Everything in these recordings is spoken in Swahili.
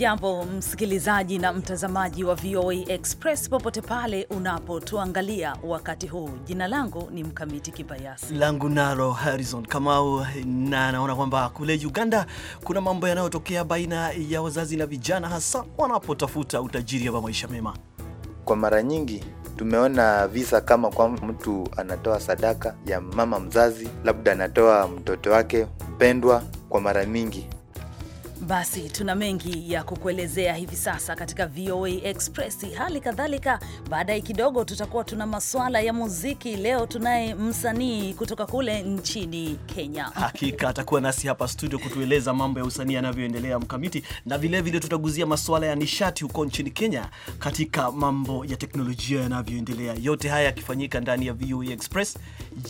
Hujambo msikilizaji na mtazamaji wa VOA Express popote pale unapotuangalia wakati huu. Jina langu ni Mkamiti Kibayasi, langu nalo Harrison Kamau, na naona kwamba kule Uganda kuna mambo yanayotokea baina ya wazazi na vijana, hasa wanapotafuta utajiri wa maisha mema. Kwa mara nyingi tumeona visa kama kwa mtu anatoa sadaka ya mama mzazi, labda anatoa mtoto wake mpendwa, kwa mara mingi basi tuna mengi ya kukuelezea hivi sasa katika VOA Express. Hali kadhalika, baadaye kidogo tutakuwa tuna masuala ya muziki. Leo tunaye msanii kutoka kule nchini Kenya. Hakika atakuwa nasi hapa studio kutueleza mambo ya usanii yanavyoendelea mkamiti, na vilevile tutaguzia masuala ya nishati huko nchini Kenya, katika mambo ya teknolojia yanavyoendelea. Yote haya yakifanyika ndani ya VOA Express,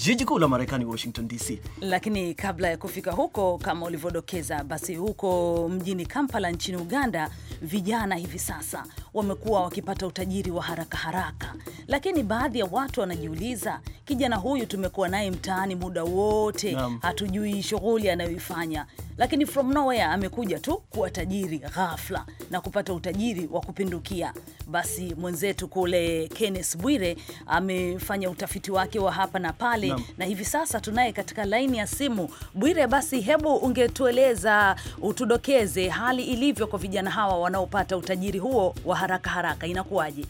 jiji kuu la Marekani, Washington DC. Lakini kabla ya kufika huko, kama ulivyodokeza, basi huko mjini Kampala nchini Uganda, vijana hivi sasa wamekuwa wakipata utajiri wa haraka haraka, lakini baadhi ya watu wanajiuliza, kijana huyu tumekuwa naye mtaani muda wote, hatujui shughuli anayoifanya, lakini from nowhere amekuja tu kuwa tajiri ghafla na kupata utajiri wa kupindukia. Basi mwenzetu kule Kenneth Bwire amefanya utafiti wake wa hapa na pale Naam. na hivi sasa tunaye katika laini ya simu. Bwire, basi hebu ungetueleza utudoke tuelekeze hali ilivyo kwa vijana hawa wanaopata utajiri huo wa haraka haraka, inakuwaje?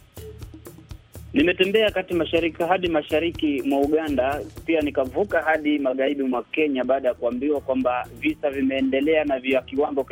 Nimetembea kati mashariki hadi mashariki mwa Uganda, pia nikavuka hadi magharibi mwa Kenya baada ya kuambiwa kwamba visa vimeendelea na vya kiwango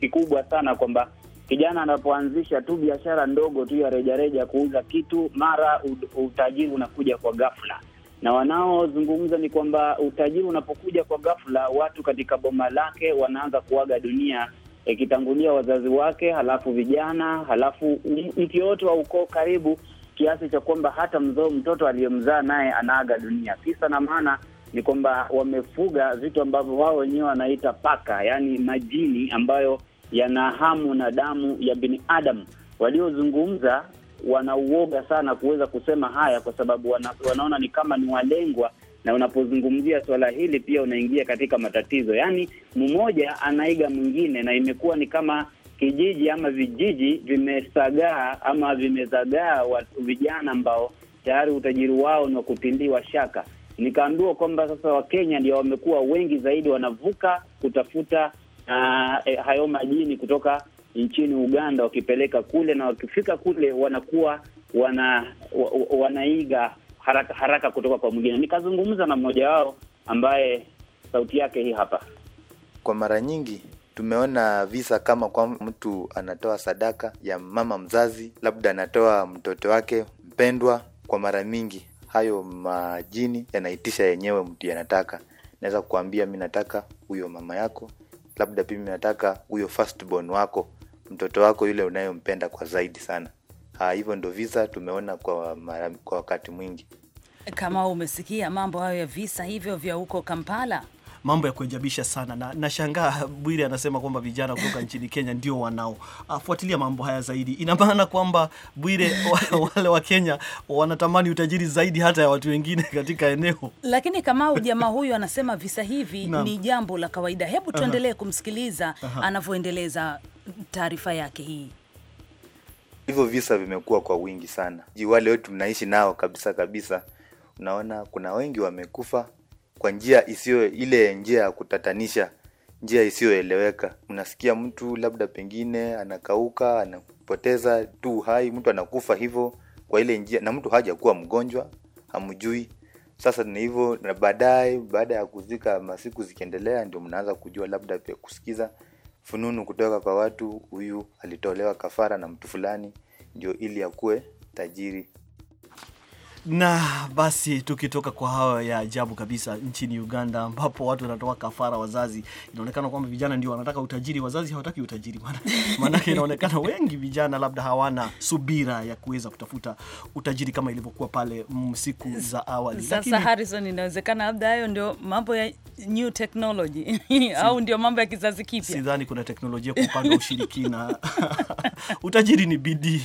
kikubwa sana, kwamba kijana anapoanzisha tu biashara ndogo tu ya rejareja kuuza kitu, mara utajiri unakuja kwa ghafla na wanaozungumza ni kwamba utajiri unapokuja kwa ghafla, watu katika boma lake wanaanza kuaga dunia, ikitangulia wazazi wake, halafu vijana, halafu mtu yoyote wa ukoo karibu, kiasi cha kwamba hata mzoo mtoto aliyemzaa naye anaaga dunia. Kisa na maana ni kwamba wamefuga vitu ambavyo wao wenyewe wanaita paka, yaani majini ambayo yana hamu na damu ya binadamu. Waliozungumza wanauoga sana kuweza kusema haya, kwa sababu wana, wanaona ni kama ni walengwa, na unapozungumzia swala hili pia unaingia katika matatizo. Yaani mmoja anaiga mwingine, na imekuwa ni kama kijiji ama vijiji vimesagaa ama vimezagaa watu vijana ambao tayari utajiri wao ni wa kutiliwa shaka. Nikaambiwa kwamba sasa Wakenya ndio wamekuwa wengi zaidi wanavuka kutafuta uh, eh, hayo majini kutoka nchini Uganda, wakipeleka kule na wakifika kule wanakuwa wana, wanaiga haraka haraka kutoka kwa mwingine. Nikazungumza na mmoja wao ambaye sauti yake hii hapa. Kwa mara nyingi tumeona visa kama kwa mtu anatoa sadaka ya mama mzazi, labda anatoa mtoto wake mpendwa. Kwa mara mingi hayo majini yanaitisha yenyewe, mtu yanataka, naweza kukuambia mi nataka huyo mama yako, labda pia mi nataka huyo firstborn wako mtoto wako yule unayompenda kwa zaidi sana. Hivyo ndo visa tumeona kwa, mara, kwa wakati mwingi. Kama umesikia mambo hayo ya visa hivyo vya huko Kampala mambo ya kuajabisha sana na nashangaa. Bwire anasema kwamba vijana kutoka nchini Kenya ndio wanaofuatilia ah, mambo haya zaidi. Ina maana kwamba Bwire, wale wa Kenya wanatamani utajiri zaidi hata ya watu wengine katika eneo. Lakini kama jamaa huyu anasema visa hivi na ni jambo la kawaida. Hebu tuendelee kumsikiliza anavyoendeleza taarifa yake hii. Hivyo visa vimekuwa kwa wingi sana, wale wetu mnaishi nao kabisa kabisa, unaona kuna wengi wamekufa kwa njia isiyo ile, njia ya kutatanisha, njia isiyoeleweka. Unasikia mtu labda pengine anakauka, anapoteza tu hai, mtu anakufa hivyo kwa ile njia, na mtu hajakuwa mgonjwa, hamjui sasa ni hivyo, na baadaye, baada ya kuzika, masiku zikiendelea, ndio mnaanza kujua labda pia kusikiza fununu kutoka kwa watu, huyu alitolewa kafara na mtu fulani ndio ili akuwe tajiri na basi tukitoka kwa hawa ya ajabu kabisa nchini Uganda, ambapo watu wanatoa kafara wazazi. Inaonekana kwamba vijana ndio wanataka utajiri, wazazi hawataki utajiri. Maanake inaonekana wengi vijana labda hawana subira ya kuweza kutafuta utajiri kama ilivyokuwa pale siku za awali. Sasa lakini... Harrison, inawezekana labda hayo ndio mambo ya new technology au ndio mambo ya kizazi kipya. Sidhani kuna teknolojia kwa upande wa ushirikina utajiri ni bidii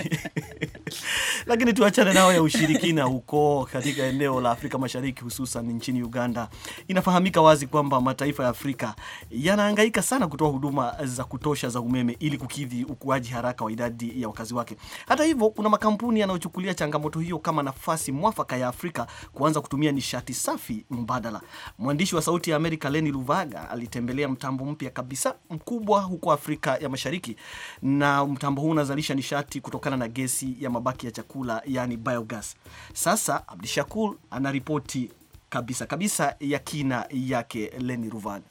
lakini tuachane nao ya ushirikina huko katika eneo la Afrika Mashariki, hususan nchini Uganda. Inafahamika wazi kwamba mataifa ya Afrika yanahangaika sana kutoa huduma za kutosha za umeme ili kukidhi ukuaji haraka wa idadi ya wakazi wake. Hata hivyo, kuna makampuni yanayochukulia changamoto hiyo kama nafasi mwafaka ya Afrika kuanza kutumia nishati safi mbadala. Mwandishi wa Sauti ya Amerika Leni Luvaga alitembelea mtambo mpya kabisa mkubwa huko Afrika ya Mashariki, na mtambo huu unazalisha nishati kutokana na gesi ya mabaki ya chakula, yani biogas. Sasa sasa Abdishakur anaripoti kabisa kabisa ya kina yake Leni Ruvani.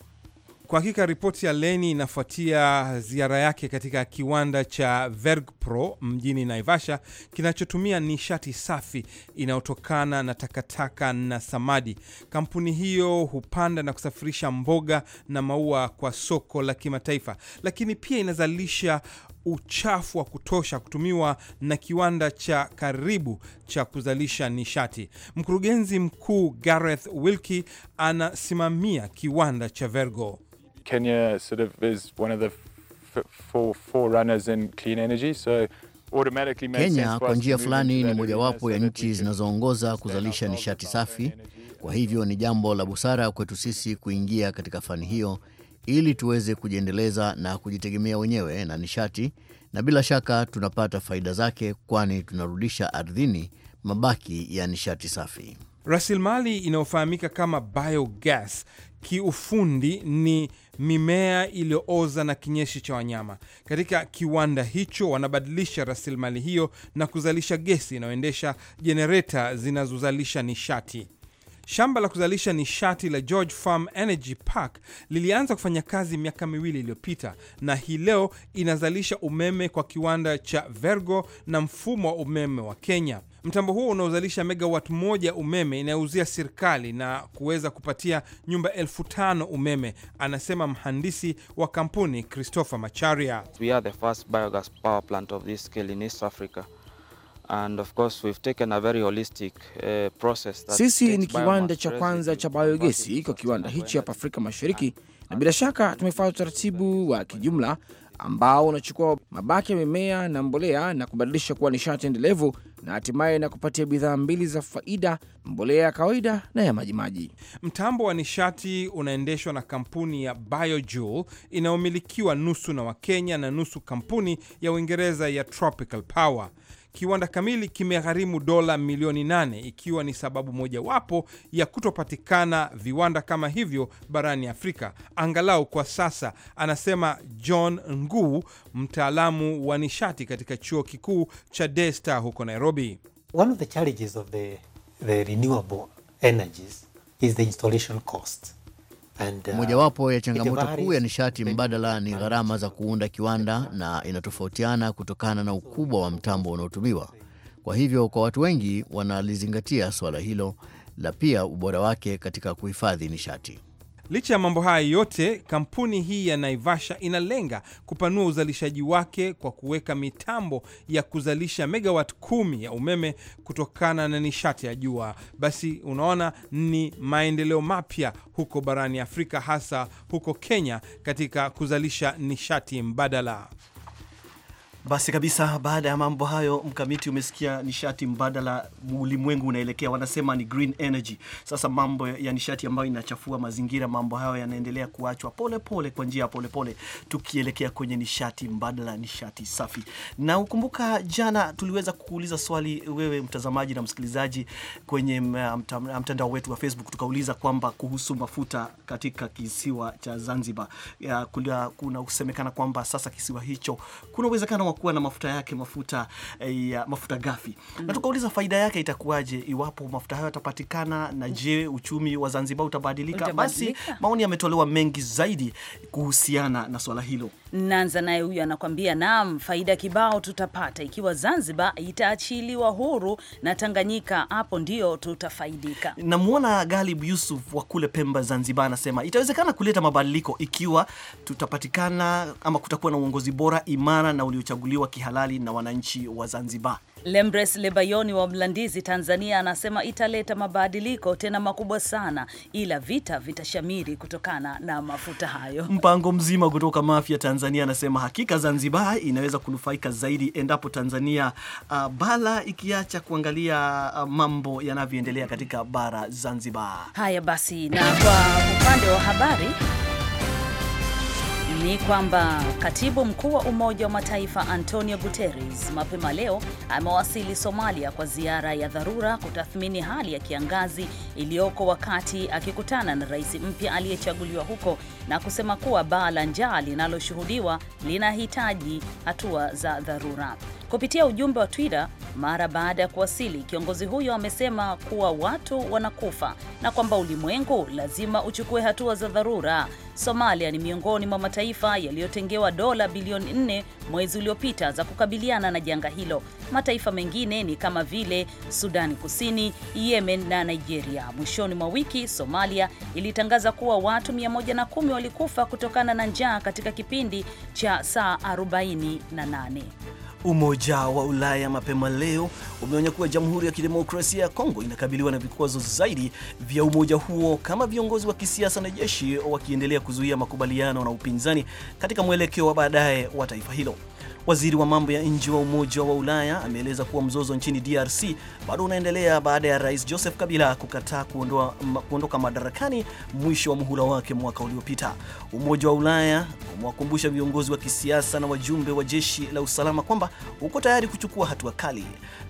Kwa hakika ripoti ya Leni inafuatia ziara yake katika kiwanda cha Vergpro mjini Naivasha kinachotumia nishati safi inayotokana na takataka na samadi. Kampuni hiyo hupanda na kusafirisha mboga na maua kwa soko la kimataifa, lakini pia inazalisha uchafu wa kutosha kutumiwa na kiwanda cha karibu cha kuzalisha nishati. Mkurugenzi mkuu Gareth Wilkie anasimamia kiwanda cha Vergo. Kenya sort of is one of the forerunners in clean energy so Kenya kwa njia fulani ni mojawapo ya nchi zinazoongoza kuzalisha nishati safi. Kwa hivyo ni jambo la busara kwetu sisi kuingia katika fani hiyo ili tuweze kujiendeleza na kujitegemea wenyewe na nishati, na bila shaka tunapata faida zake, kwani tunarudisha ardhini mabaki ya nishati safi. Rasilimali inayofahamika kama biogas kiufundi ni mimea iliyooza na kinyeshi cha wanyama. Katika kiwanda hicho, wanabadilisha rasilimali hiyo na kuzalisha gesi inayoendesha jenereta zinazozalisha nishati. Shamba la kuzalisha nishati la George Farm Energy Park lilianza kufanya kazi miaka miwili iliyopita na hii leo inazalisha umeme kwa kiwanda cha Vergo na mfumo wa umeme wa Kenya. Mtambo huo unaozalisha megawat moja umeme inayouzia serikali na kuweza kupatia nyumba elfu tano umeme, anasema mhandisi wa kampuni Christopher Macharia. We are the first biogas power plant of this scale in East Africa. And of course we've taken a very holistic, uh, process that sisi ni kiwanda cha kwanza cha bayogesi kwa kiwanda hichi hapa Afrika Mashariki, na bila shaka tumefanya utaratibu wa kijumla ambao unachukua mabaki ya mimea na mbolea na kubadilisha kuwa nishati endelevu na hatimaye na kupatia bidhaa mbili za faida, mbolea ya kawaida na ya majimaji. Mtambo wa nishati unaendeshwa na kampuni ya Biojoule inayomilikiwa nusu na Wakenya na nusu kampuni ya Uingereza ya Tropical Power kiwanda kamili kimegharimu dola milioni nane ikiwa ni sababu mojawapo ya kutopatikana viwanda kama hivyo barani Afrika angalau kwa sasa, anasema John ngu mtaalamu wa nishati katika chuo kikuu cha desta huko Nairobi. One of the challenges of the, the renewable energies is the installation cost. Uh, mojawapo ya changamoto kuu ya nishati mbadala ni gharama za kuunda kiwanda, na inatofautiana kutokana na ukubwa wa mtambo unaotumiwa. Kwa hivyo, kwa watu wengi wanalizingatia suala hilo la pia ubora wake katika kuhifadhi nishati. Licha ya mambo haya yote, kampuni hii ya Naivasha inalenga kupanua uzalishaji wake kwa kuweka mitambo ya kuzalisha megawat kumi ya umeme kutokana na nishati ya jua. Basi unaona ni maendeleo mapya huko barani Afrika, hasa huko Kenya katika kuzalisha nishati mbadala. Basi kabisa, baada ya mambo hayo, mkamiti, umesikia nishati mbadala ulimwengu unaelekea, wanasema ni green energy. Sasa mambo ya nishati ambayo inachafua mazingira, mambo hayo yanaendelea kuachwa polepole, kwa njia ya polepole, tukielekea kwenye nishati mbadala, nishati safi. Na ukumbuka jana tuliweza kukuuliza swali, wewe mtazamaji na msikilizaji, kwenye uh, mtandao wetu wa Facebook, tukauliza kwamba kuhusu mafuta katika kisiwa cha Zanzibar. Uh, kuna kusemekana kwamba sasa kisiwa hicho kuna uwezekano kwa kuwa na mafuta yake mafuta eh, ya mafuta gafi mm. na tukauliza faida yake itakuwaje iwapo mafuta hayo yatapatikana, na je uchumi wa Zanzibar utabadilika? Basi maoni yametolewa mengi zaidi kuhusiana na swala hilo. Nanza naye huyu anakwambia, naam, faida kibao tutapata ikiwa Zanzibar itaachiliwa huru na Tanganyika, hapo ndio tutafaidika. Namwona Galib Yusuf wa kule Pemba, Zanzibar, anasema itawezekana kuleta mabadiliko ikiwa tutapatikana ama kutakuwa na uongozi bora, imara na uliochagua kuchaguliwa kihalali na wananchi wa Zanzibar. Lembres Lebayoni wa Mlandizi, Tanzania, anasema italeta mabadiliko tena makubwa sana, ila vita vitashamiri kutokana na mafuta hayo. Mpango mzima kutoka Mafia, Tanzania, anasema hakika Zanzibar inaweza kunufaika zaidi endapo Tanzania uh, bala ikiacha kuangalia uh, mambo yanavyoendelea katika bara Zanzibar. Haya basi, na kwa upande wa habari ni kwamba katibu mkuu wa Umoja wa Mataifa Antonio Guterres mapema leo amewasili Somalia kwa ziara ya dharura kutathmini hali ya kiangazi iliyoko, wakati akikutana na rais mpya aliyechaguliwa huko na kusema kuwa baa la njaa linaloshuhudiwa linahitaji hatua za dharura. Kupitia ujumbe wa Twitter mara baada ya kuwasili, kiongozi huyo amesema kuwa watu wanakufa na kwamba ulimwengu lazima uchukue hatua za dharura. Somalia ni miongoni mwa mataifa yaliyotengewa dola bilioni nne mwezi uliopita za kukabiliana na janga hilo. Mataifa mengine ni kama vile Sudani Kusini, Yemen na Nigeria. Mwishoni mwa wiki, Somalia ilitangaza kuwa watu 110 walikufa kutokana na njaa katika kipindi cha saa 48. Umoja wa Ulaya mapema leo umeonya kuwa Jamhuri ya Kidemokrasia ya Kongo inakabiliwa na vikwazo zaidi vya umoja huo kama viongozi wa kisiasa na jeshi wakiendelea kuzuia makubaliano na upinzani katika mwelekeo wa baadaye wa taifa hilo. Waziri wa mambo ya nje wa Umoja wa Ulaya ameeleza kuwa mzozo nchini DRC bado unaendelea baada ya Rais Joseph Kabila kukataa kuondoka madarakani mwisho wa muhula wake mwaka uliopita. Umoja wa Ulaya umewakumbusha viongozi wa kisiasa na wajumbe wa jeshi la usalama kwamba uko tayari kuchukua hatua kali.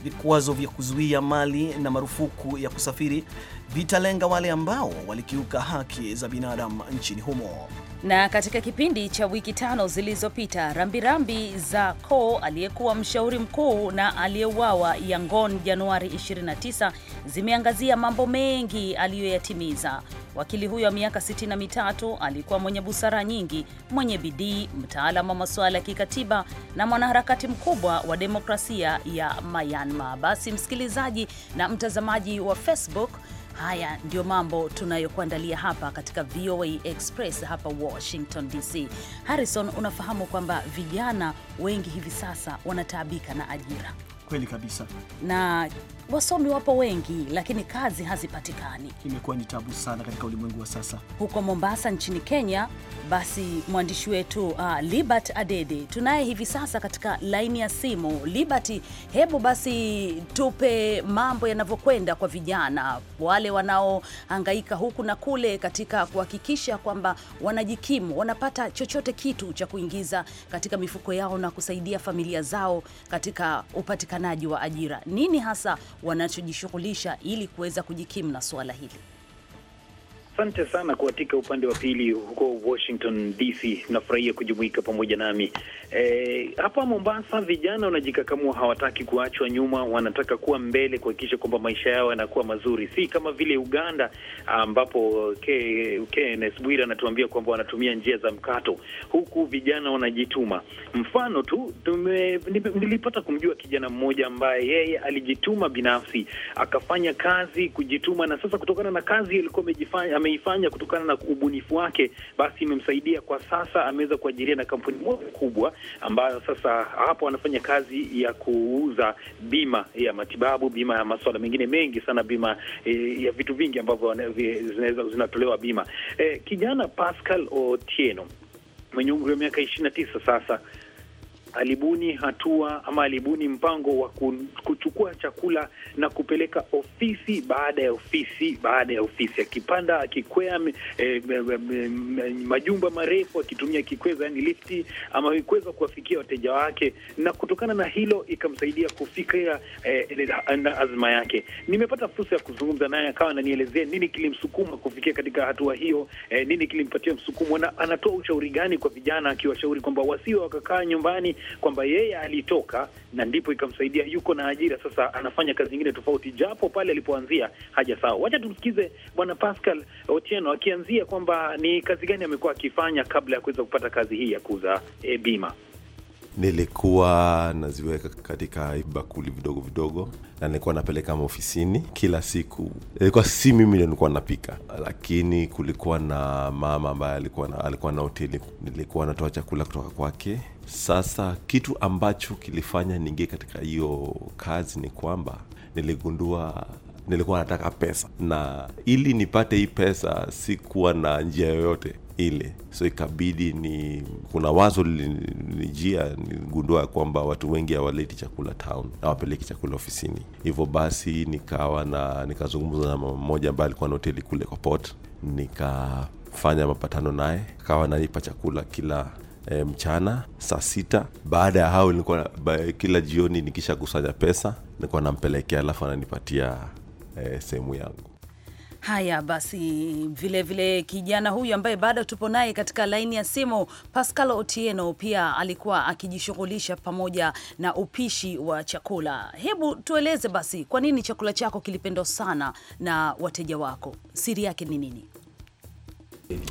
Vikwazo vya kuzuia mali na marufuku ya kusafiri vitalenga wale ambao walikiuka haki za binadamu nchini humo. Na katika kipindi cha wiki tano zilizopita, rambirambi za Ko aliyekuwa mshauri mkuu na aliyeuawa Yangon Januari 29 zimeangazia mambo mengi aliyoyatimiza. Wakili huyo wa miaka 63 alikuwa mwenye busara nyingi, mwenye bidii, mtaalamu wa masuala ya kikatiba na mwanaharakati mkubwa wa demokrasia ya Myanmar. Basi msikilizaji na mtazamaji wa Facebook Haya ndio mambo tunayokuandalia hapa katika VOA Express hapa Washington DC. Harrison, unafahamu kwamba vijana wengi hivi sasa wanataabika na ajira. Kweli kabisa, na wasomi wapo wengi, lakini kazi hazipatikani. Imekuwa ni tabu sana katika ulimwengu wa sasa. Huko Mombasa nchini Kenya, basi mwandishi wetu uh, Libert Adede tunaye hivi sasa katika laini ya simu. Libert, hebu basi tupe mambo yanavyokwenda kwa vijana wale wanaohangaika huku na kule katika kuhakikisha kwamba wanajikimu, wanapata chochote kitu cha kuingiza katika mifuko yao na kusaidia familia zao katika upatikanaji upatikanaji wa ajira? Nini hasa wanachojishughulisha ili kuweza kujikimu na suala hili? Asante sana katika upande wa pili huko Washington DC, nafurahia kujumuika pamoja nami e, hapa Mombasa. Vijana wanajikakamua, hawataki kuachwa nyuma, wanataka kuwa mbele, kuhakikisha kwamba maisha yao yanakuwa mazuri, si kama vile Uganda ambapo KNS Bwira anatuambia kwamba wanatumia njia za mkato, huku vijana wanajituma. Mfano tu tume, nilipata kumjua kijana mmoja ambaye yeye alijituma binafsi, akafanya kazi, kujituma, na sasa kutokana na kazi alikuwa amejifanya ameifanya kutokana na ubunifu wake, basi imemsaidia kwa sasa. Ameweza kuajiria na kampuni moja kubwa ambayo sasa hapo anafanya kazi ya kuuza bima ya matibabu, bima ya masuala mengine mengi sana, bima eh, ya vitu vingi ambavyo zinatolewa bima. Eh, kijana Pascal Otieno mwenye umri wa miaka ishirini na tisa sasa alibuni hatua ama alibuni mpango wa kuchukua chakula na kupeleka ofisi baada ya ofisi baada ya ofisi, akipanda akikwea e, majumba marefu akitumia kikweza, yani lifti ama ikweza kuwafikia wateja wake, na kutokana na hilo ikamsaidia kufikia e, e, na azma yake. Nimepata fursa ya kuzungumza naye, akawa ananielezea nini kilimsukuma kufikia katika hatua hiyo, nini kilimpatia msukumo, na anatoa ushauri gani kwa vijana, akiwashauri kwamba wasiwe wakakaa nyumbani kwamba yeye alitoka na ndipo ikamsaidia, yuko na ajira sasa, anafanya kazi nyingine tofauti, japo pale alipoanzia haja sawa. Wacha tumsikize Bwana Pascal Otieno akianzia kwamba ni kazi gani amekuwa akifanya kabla ya kuweza kupata kazi hii ya kuuza e, bima. Nilikuwa naziweka katika bakuli vidogo vidogo, na nilikuwa napeleka maofisini kila siku. Ilikuwa si mimi ndio nilikuwa napika, lakini kulikuwa na mama ambaye alikuwa na, alikuwa na hoteli. Nilikuwa natoa chakula kutoka kwake sasa kitu ambacho kilifanya niingie katika hiyo kazi ni kwamba niligundua nilikuwa nataka pesa, na ili nipate hii pesa sikuwa na njia yoyote ile, so ikabidi ni kuna wazo lilinijia, niligundua kwamba watu wengi hawaleti chakula town, hawapeleki chakula ofisini. Hivyo basi nikawa na nikazungumza na mama mmoja ambaye alikuwa na hoteli kule Kopot, nikafanya mapatano naye, akawa nanipa chakula kila e, mchana saa sita. Baada ya hao nilikuwa ba, kila jioni nikisha kusanya pesa nilikuwa nampelekea, alafu ananipatia e, sehemu yangu. Haya basi, vilevile vile kijana huyu ambaye bado tupo naye katika laini ya simu, Pascal Otieno, pia alikuwa akijishughulisha pamoja na upishi wa chakula. Hebu tueleze basi, kwa nini chakula chako kilipendwa sana na wateja wako? Siri yake ni nini?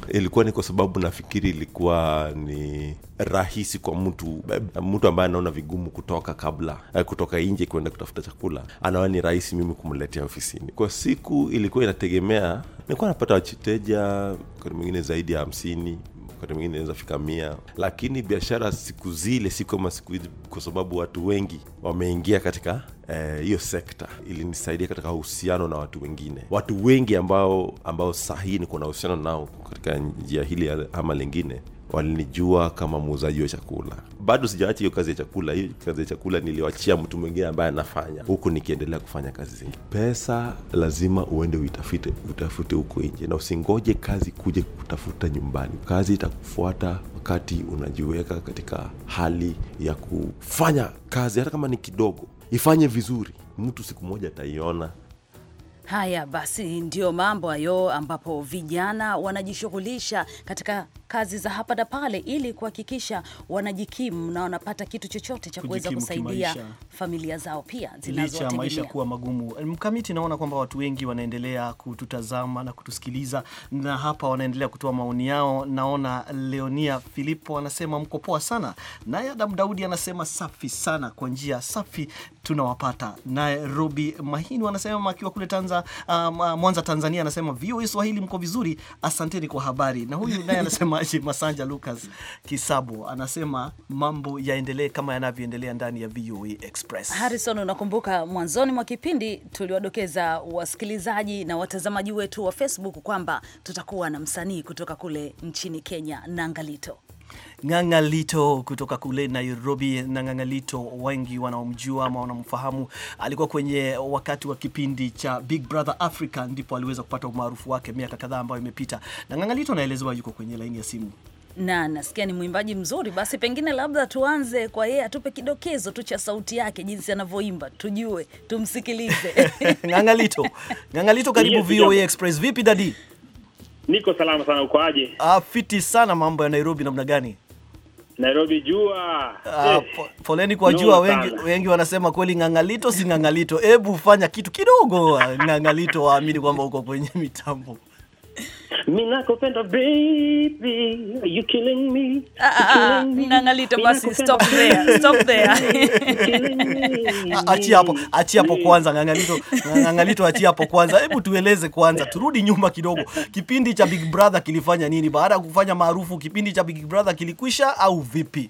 ilikuwa ni kwa sababu nafikiri ilikuwa ni rahisi kwa mtu mtu ambaye anaona vigumu kutoka kabla eh, kutoka nje kuenda kutafuta chakula anaona ni rahisi mimi kumletea ofisini kwa siku ilikuwa inategemea nilikuwa napata wachiteja mwingine zaidi ya hamsini wakati mwingine inaweza fika mia, lakini biashara siku zile si kama siku hizi, kwa sababu watu wengi wameingia katika eh, hiyo eh, sekta ilinisaidia katika uhusiano na watu wengine, watu wengi ambao ambao sahii niko na uhusiano nao katika njia hili ama lingine walinijua kama muuzaji wa chakula. Bado sijaacha hiyo kazi ya chakula. Hiyo kazi ya chakula niliwachia mtu mwingine ambaye anafanya, huku nikiendelea kufanya kazi zingi Pesa lazima uende uitafute, utafute huko nje, na usingoje kazi kuja kutafuta nyumbani. Kazi itakufuata wakati unajiweka katika hali ya kufanya kazi, hata kama ni kidogo, ifanye vizuri. Mtu siku moja ataiona Haya basi, ndio mambo hayo, ambapo vijana wanajishughulisha katika kazi za hapa na pale ili kuhakikisha wanajikimu na wanapata kitu chochote cha kuweza kusaidia kimaisha, familia zao pia licha maisha kuwa magumu. Eh, Mkamiti, naona kwamba watu wengi wanaendelea kututazama na kutusikiliza, na hapa wanaendelea kutoa maoni yao. Naona Leonia Filipo anasema mkopoa sana, naye Adam Daudi anasema safi sana, kwa njia safi tunawapata. Naye Robi Mahinu anasema akiwa kule Tanzania Ah, ah, Mwanza Tanzania anasema VOA Swahili mko vizuri, asanteni kwa habari. Na huyu naye anasema Masanja Lucas Kisabo anasema mambo yaendelee kama yanavyoendelea ndani ya VOA Express. Harrison, unakumbuka mwanzoni mwa kipindi tuliwadokeza wasikilizaji na watazamaji wetu wa Facebook kwamba tutakuwa na msanii kutoka kule nchini Kenya Nangalito. Ng'ang'alito kutoka kule Nairobi, na Ng'ang'alito wengi wanaomjua ama wanamfahamu, alikuwa kwenye wakati wa kipindi cha Big Brother Africa, ndipo aliweza kupata umaarufu wake miaka kadhaa ambayo imepita, na Ng'ang'alito anaelezewa yuko kwenye laini ya simu na nasikia ni mwimbaji mzuri. Basi pengine labda tuanze kwa yeye, atupe kidokezo tu cha sauti yake, jinsi anavyoimba, tujue, tumsikilize. Ng'ang'alito, Ng'ang'alito, karibu VOA Express. Vipi dadi? Niko salama sana, uko aje? Ah, fiti sana. Mambo ya Nairobi namna gani? Nairobi jua. Ah, foleni eh. kwa jua wengi Wengi wanasema kweli ng'ang'alito si ng'ang'alito. Hebu fanya kitu kidogo ah, ng'ang'alito, waamini kwamba uko kwenye mitambo Minakupenda baby, ah, ah, ah, achiapo hapo, kwanza hapo kwanza. Hebu tueleze kwanza, turudi nyuma kidogo. Kipindi cha Big Brother kilifanya nini? Baada ya kufanya maarufu, kipindi cha Big Brother kilikwisha au vipi?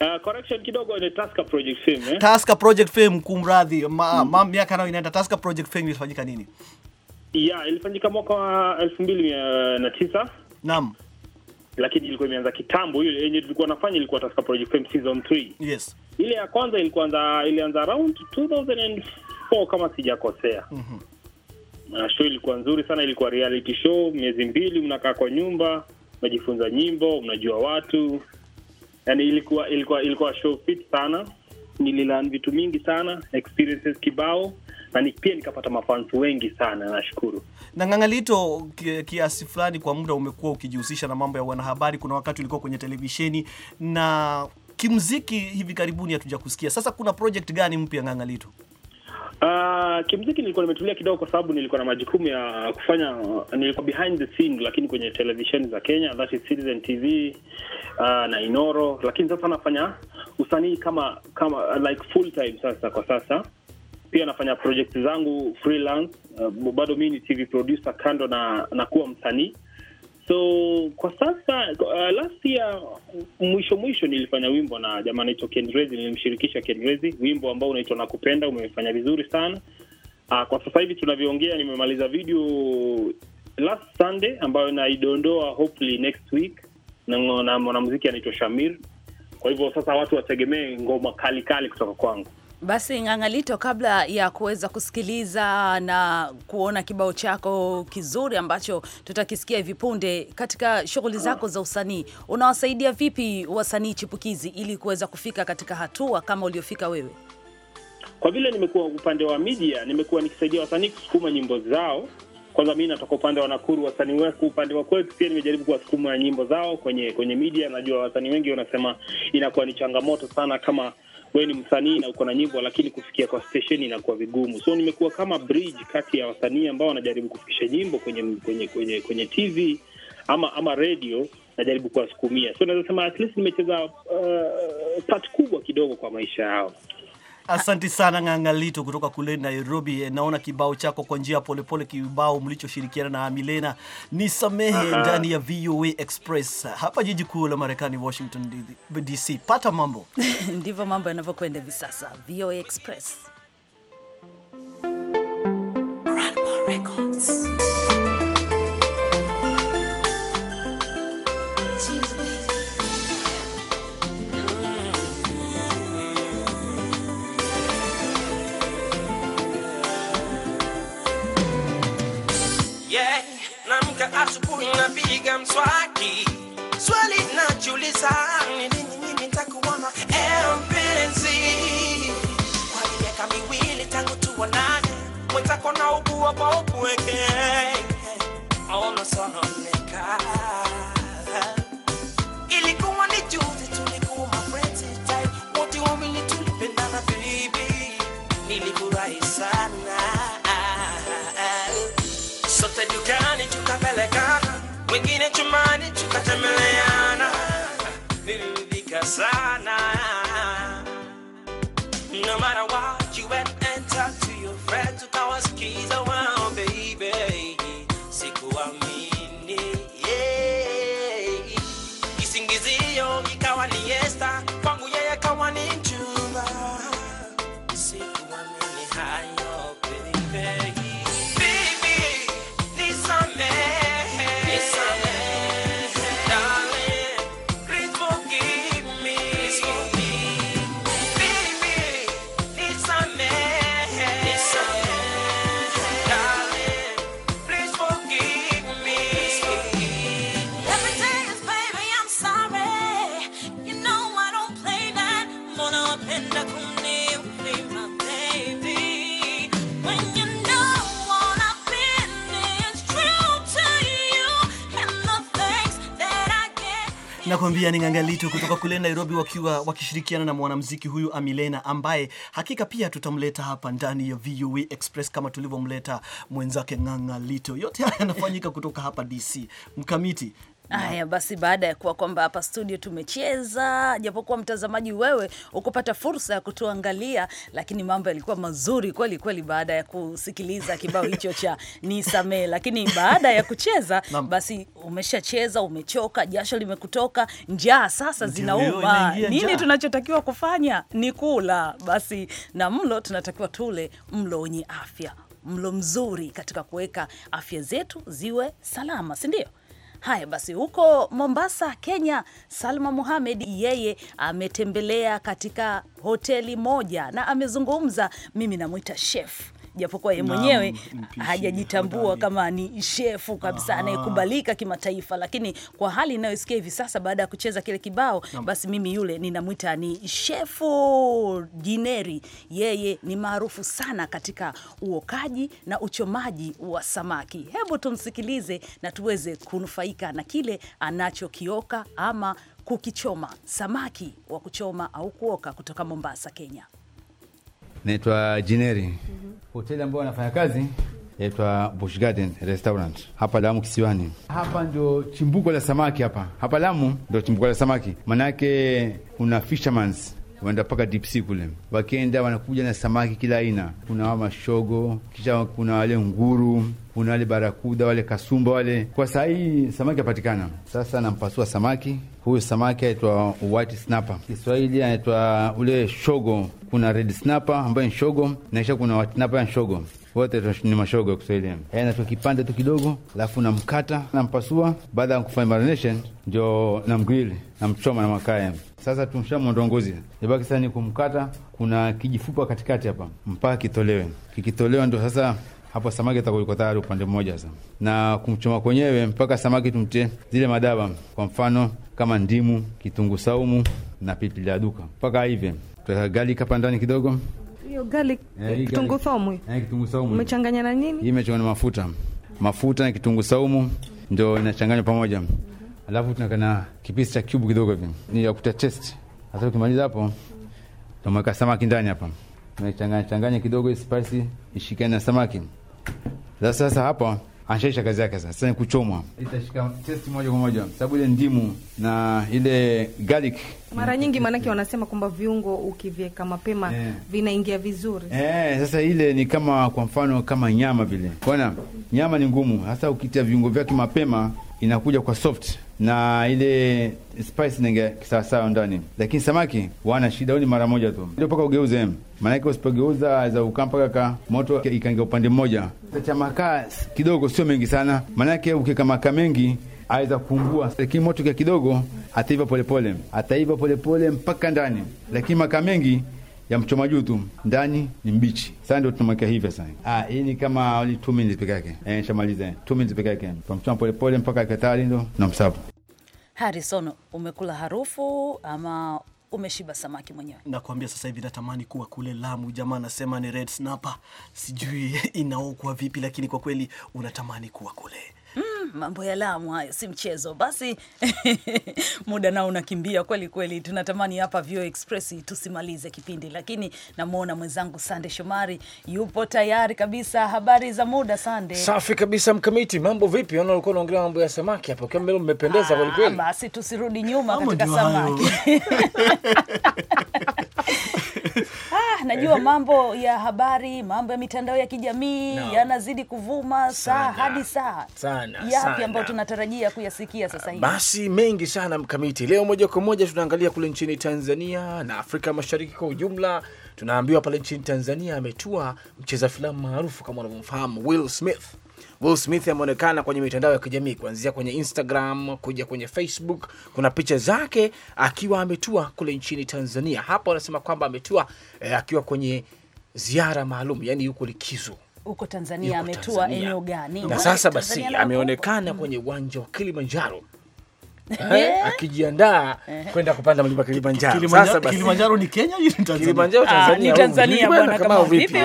Uh, correction kidogo ni Project Fame eh? Project Fame kumradhi, ma, ma miaka nayo inaenda Project Fame ilifanyika nini? ya ilifanyika mwaka wa elfu mbili na tisa naam, lakini ilikuwa imeanza kitambo. Hiyo yenye tulikuwa nafanya ilikuwa katika Project Fame season 3. Yes, ile ya kwanza ilikuanza ilianza around 2004 kama sijakosea. Mhm. mm Na show ilikuwa nzuri sana, ilikuwa reality show. Miezi mbili mnakaa kwa nyumba, mnajifunza nyimbo, mnajua watu, Yaani ilikuwa ilikuwa ilikuwa show fit sana. Nililan vitu mingi sana, experiences kibao na ni, pia nikapata mafans wengi sana, nashukuru. Na Ng'ang'alito, kiasi fulani kwa muda umekuwa ukijihusisha na mambo ya wanahabari, kuna wakati ulikuwa kwenye televisheni na kimziki hivi karibuni hatuja kusikia. Sasa kuna project gani mpya Ng'ang'alito? Uh, kimziki nilikuwa nimetulia kidogo kwa sababu nilikuwa na majukumu ya kufanya, nilikuwa behind the scene, lakini kwenye televisheni za Kenya, that is Citizen TV uh, ah, na Inoro, lakini sasa nafanya usanii kama kama like full time sasa kwa sasa pia nafanya projekti zangu freelance. Uh, bado mi ni TV producer kando na, na kuwa msanii so kwa sasa uh, last year mwisho mwisho nilifanya wimbo na jamaa anaitwa Kenrezi, nilimshirikisha Kenrezi wimbo ambao unaitwa Nakupenda, umefanya vizuri sana. Uh, kwa sasa hivi tunavyoongea, nimemaliza video last Sunday ambayo naidondoa hopefully next week na mwanamziki anaitwa Shamir. Kwa hivyo sasa watu wategemee ngoma kali kali kutoka kwangu. Basi Ng'ang'alito, kabla ya kuweza kusikiliza na kuona kibao chako kizuri ambacho tutakisikia hivi punde, katika shughuli zako za usanii unawasaidia vipi wasanii chipukizi ili kuweza kufika katika hatua kama uliofika wewe? Kwa vile nimekuwa upande wa media, nimekuwa nikisaidia wasanii kusukuma nyimbo zao. Kwanza mimi natoka upande wa Nakuru, wasanii wetu upande wa kwetu pia nimejaribu kuwasukuma nyimbo zao kwenye kwenye media. Najua wasanii wengi wanasema inakuwa ni changamoto sana kama wewe ni msanii na uko na nyimbo, lakini kufikia kwa stesheni inakuwa vigumu. So nimekuwa kama bridge kati ya wasanii ambao wanajaribu kufikisha nyimbo kwenye kwenye kwenye, kwenye TV ama ama radio najaribu kuwasukumia. So naweza sema at least nimecheza uh, part kubwa kidogo kwa maisha yao. Asante sana Ng'ang'alito kutoka kule Nairobi. Naona kibao chako kwa njia polepole, kibao mlichoshirikiana na Milena ni samehe ndani ya VOA Express hapa jiji kuu la Marekani, Washington DC. Pata mambo ndivyo mambo yanavyokwenda hivi sasa. VOA Express Records. Nikiamka asubuhi napiga mswaki, swali najiuliza ni nini mimi nitakuona eh, mpenzi. Kwa miaka miwili tangu tuonane, mwenzako naugua kwa upweke tuchumani tukatembeleana, niliridhika sana no matter what Nakwambia ni ngang'alito kutoka kule Nairobi, wakiwa wakishirikiana na mwanamuziki huyu Amilena, ambaye hakika pia tutamleta hapa ndani ya VOA e Express kama tulivyomleta mwenzake ngangalito Yote haya yanafanyika kutoka hapa DC. Mkamiti, Haya basi, baada ya kuwa kwamba hapa studio tumecheza, japokuwa mtazamaji wewe ukupata fursa ya kutuangalia, lakini mambo yalikuwa mazuri kweli kweli baada ya kusikiliza kibao hicho cha Nisamee. Lakini baada ya kucheza basi, umeshacheza, umechoka, jasho limekutoka, njaa sasa zinauma. Nini tunachotakiwa kufanya ni kula basi, na mlo tunatakiwa tule mlo wenye afya, mlo mzuri katika kuweka afya zetu ziwe salama, si ndio? Haya basi, huko Mombasa, Kenya, Salma Muhamed yeye ametembelea katika hoteli moja na amezungumza, mimi namwita chef japokuwa yeye mwenyewe hajajitambua kama ni shefu kabisa anayekubalika kimataifa, lakini kwa hali inayosikia hivi sasa baada ya kucheza kile kibao Nam. Basi mimi yule ninamwita ni shefu Jineri, yeye ni maarufu sana katika uokaji na uchomaji wa samaki. Hebu tumsikilize na tuweze kunufaika na kile anachokioka ama kukichoma, samaki wa kuchoma au kuoka kutoka Mombasa, Kenya naitwa Jineri. mm -hmm. Hoteli ambayo wanafanya kazi yaitwa Bush Garden Restaurant hapa Lamu Kisiwani. Hapa ndio chimbuko la samaki hapa hapa Lamu ndio chimbuko la samaki, manake una fishermans wanaenda mpaka deep sea kule, wakienda wanakuja na samaki kila aina. Kuna mashogo, kisha kuna wale nguru, kuna wale barakuda, wale kasumba wale. Kwa saa hii samaki apatikana. Sasa nampasua samaki huyu, samaki anaitwa white snapper, Kiswahili anaitwa ule shogo. Kuna red snapper ambayo ni shogo, naisha kuna white snapper ya shogo wote ni mashogo ya kusaidia Kiswahili. Yaani Nachukua kipande tu kidogo, alafu namkata, nampasua. Baada ya kufanya marination, ndio namgrili, namchoma na makaa. Sasa tumshamwondongozi, ibaki sasa ni kumkata. Kuna kijifupa katikati hapa mpaka kitolewe. Kikitolewa ndio sasa hapo samaki atakuwa tayari upande mmoja sasa, na kumchoma kwenyewe mpaka samaki tumtie zile madawa, kwa mfano kama ndimu, kitunguu saumu na pilipili ya duka, mpaka hivi tutaweka garlic hapa ndani kidogo hiyo garlic, eh, eh, eh, kitunguu saumu, kitunguu saumu umechanganya na nini? Hii imechanganywa mafuta, mafuta na kitunguu saumu ndio inachanganywa pamoja, alafu tunaka na kipisi cha cube kidogo hivi, ni ya kuta test. Sasa ukimaliza hapo, tunamweka samaki ndani hapa, tunachanganya changanya kidogo, spice ishikane na samaki. Sasa sasa hapo anshaisha kazi yake sasa, sasa kuchomwa, itashika testi moja kwa moja, sababu ile ndimu na ile garlic mara nyingi, maanake wanasema kwamba viungo ukiviweka mapema yeah, vinaingia vizuri yeah. Sasa ile ni kama kwa mfano kama nyama vile, bwana, nyama ni ngumu, hasa ukitia viungo vyake mapema inakuja kwa soft na ile spice ninge kisawasawa ndani, lakini samaki wana shida ni mara moja tu, ndio mpaka ugeuze, maanake usipogeuza za ukaa mpaka ka moto ikaingia upande mmoja, cha makaa kidogo, sio mengi sana, maanake ukika makaa mengi aweza kungua lakini moto kia kidogo ataiva polepole, ataiva polepole mpaka ndani, lakini makaa mengi ya mchoma juu tu, ndani ni mbichi. Sasa ndio tunamwekea hivyo sasa. Ah, hii ni kama only 2 minutes peke yake. Eh, shamalize 2 minutes peke yake, pole polepole mpaka katari, ndo tunamsabu. Harrison, umekula harufu ama umeshiba samaki mwenyewe? Nakwambia sasa hivi natamani kuwa kule Lamu. Jamaa anasema ni red snapper, sijui inaokwa vipi, lakini kwa kweli unatamani kuwa kule. Mm, mambo ya Lamu hayo si mchezo. Basi muda nao unakimbia kweli kweli, tunatamani hapa Vio Express tusimalize kipindi, lakini namwona mwenzangu Sande Shomari yupo tayari kabisa. Habari za muda Sande? Safi kabisa mkamiti, mambo vipi? Ona ulikuwa unaongelea mambo ya samaki hapo, kama mbele mmependeza ah, kweli kweli. Basi tusirudi nyuma katika samaki najua mambo ya habari, mambo ya mitandao ya kijamii no. yanazidi kuvuma saa hadi saa. Yapi ambayo tunatarajia kuyasikia sasa hivi? Basi mengi sana mkamiti. Leo moja kwa moja tunaangalia kule nchini Tanzania na Afrika Mashariki kwa ujumla. Tunaambiwa pale nchini Tanzania ametua mcheza filamu maarufu kama unavyomfahamu Will Smith Will Smith ameonekana kwenye mitandao ya kijamii kuanzia kwenye Instagram kuja kwenye Facebook. Kuna picha zake akiwa ametua kule nchini Tanzania. Hapo anasema kwamba ametua eh, akiwa kwenye ziara maalum, yani yuko likizo huko Tanzania. Ametua eneo gani? Na sasa basi ameonekana kwenye uwanja wa Kilimanjaro eh, akijiandaa eh. kwenda kupanda mlima Kilimanjaro. Sasa basi Kilimanjaro ni Kenya au Tanzania? Kilimanjaro Tanzania. Ah, ni Tanzania bwana, kama vipi?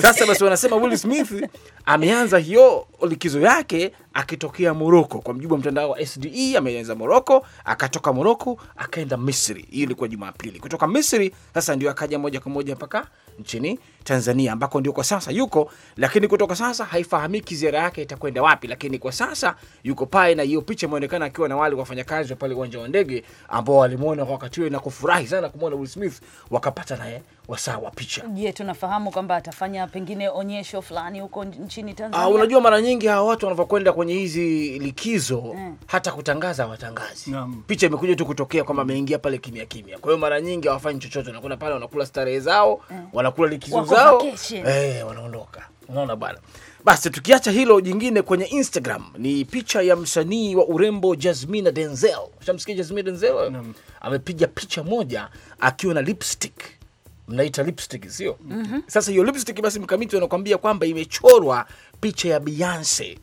Sasa basi wanasema Will Smith ameanza hiyo likizo yake akitokea Moroko. Kwa mjibu wa mtandao wa SDE, ameanza Moroko, akatoka Moroko akaenda Misri. Hiyo ilikuwa Jumapili. Kutoka Misri sasa ndio akaja moja kwa moja mpaka nchini Tanzania ambako ndio kwa sasa yuko, lakini kutoka sasa haifahamiki ziara yake itakwenda wapi, lakini kwa sasa yuko pale, na hiyo picha imeonekana akiwa na wale wafanyakazi wa pale uwanja wa ndege ambao walimwona kwa wakati huo na kufurahi sana kumwona Will Smith, wakapata naye wasaa wa picha. Je, tunafahamu kwamba atafanya pengine onyesho fulani huko nchini ah, Tanzania? Ah, unajua mara nyingi hawa watu wanavyokwenda kwenye hizi likizo mm, hata kutangaza watangazi mm. Picha imekuja tu kutokea kwamba ameingia pale kimya kimya, kwa hiyo mara nyingi hawafanyi chochote, na kuna pale wanakula starehe zao mm, wanakula likizo zao zao eh, wanaondoka. Unaona bwana. Basi tukiacha hilo jingine, kwenye Instagram ni picha ya msanii wa urembo Jasmina Denzel. Shamsikia Jasmina Denzel mm. amepiga picha moja akiwa na lipstick mnaita lipstick sio? mm -hmm. Sasa hiyo lipstick basi, mkamiti anakuambia kwamba imechorwa picha ya Beyonce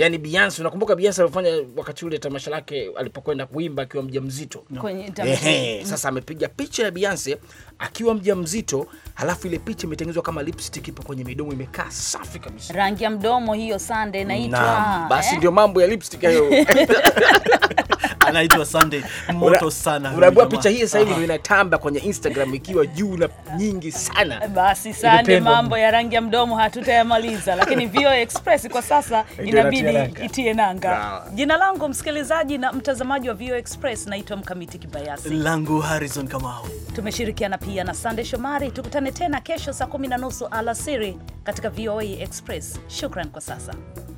yani Beyonce, unakumbuka Beyonce alifanya wakati ule tamasha lake alipokwenda kuimba akiwa mjamzito no. Ehe, mm. sasa amepiga picha ya Beyonce akiwa mjamzito, halafu ile picha imetengenezwa kama lipstick ipo kwenye midomo, imekaa safi kabisa, rangi ya mdomo hiyo sande inaitwa basi, eh? Ndio mambo ya lipstick hayo anaitwa Sunday moto sana. Unajua picha hii sasa hivi ndio inatamba kwenye Instagram ikiwa juu na nyingi sana. Basi Sunday, mambo ya rangi ya mdomo hatutayamaliza, lakini VOA Express kwa sasa inabidi itie nanga. Jina langu msikilizaji na mtazamaji wa VOA Express, naitwa Mkamiti Kibayasi, langu Harrison Kamau. Tumeshirikiana pia na Sunday Shomari. Tukutane tena kesho saa 10:30 alasiri katika VOA Express. Shukran kwa sasa.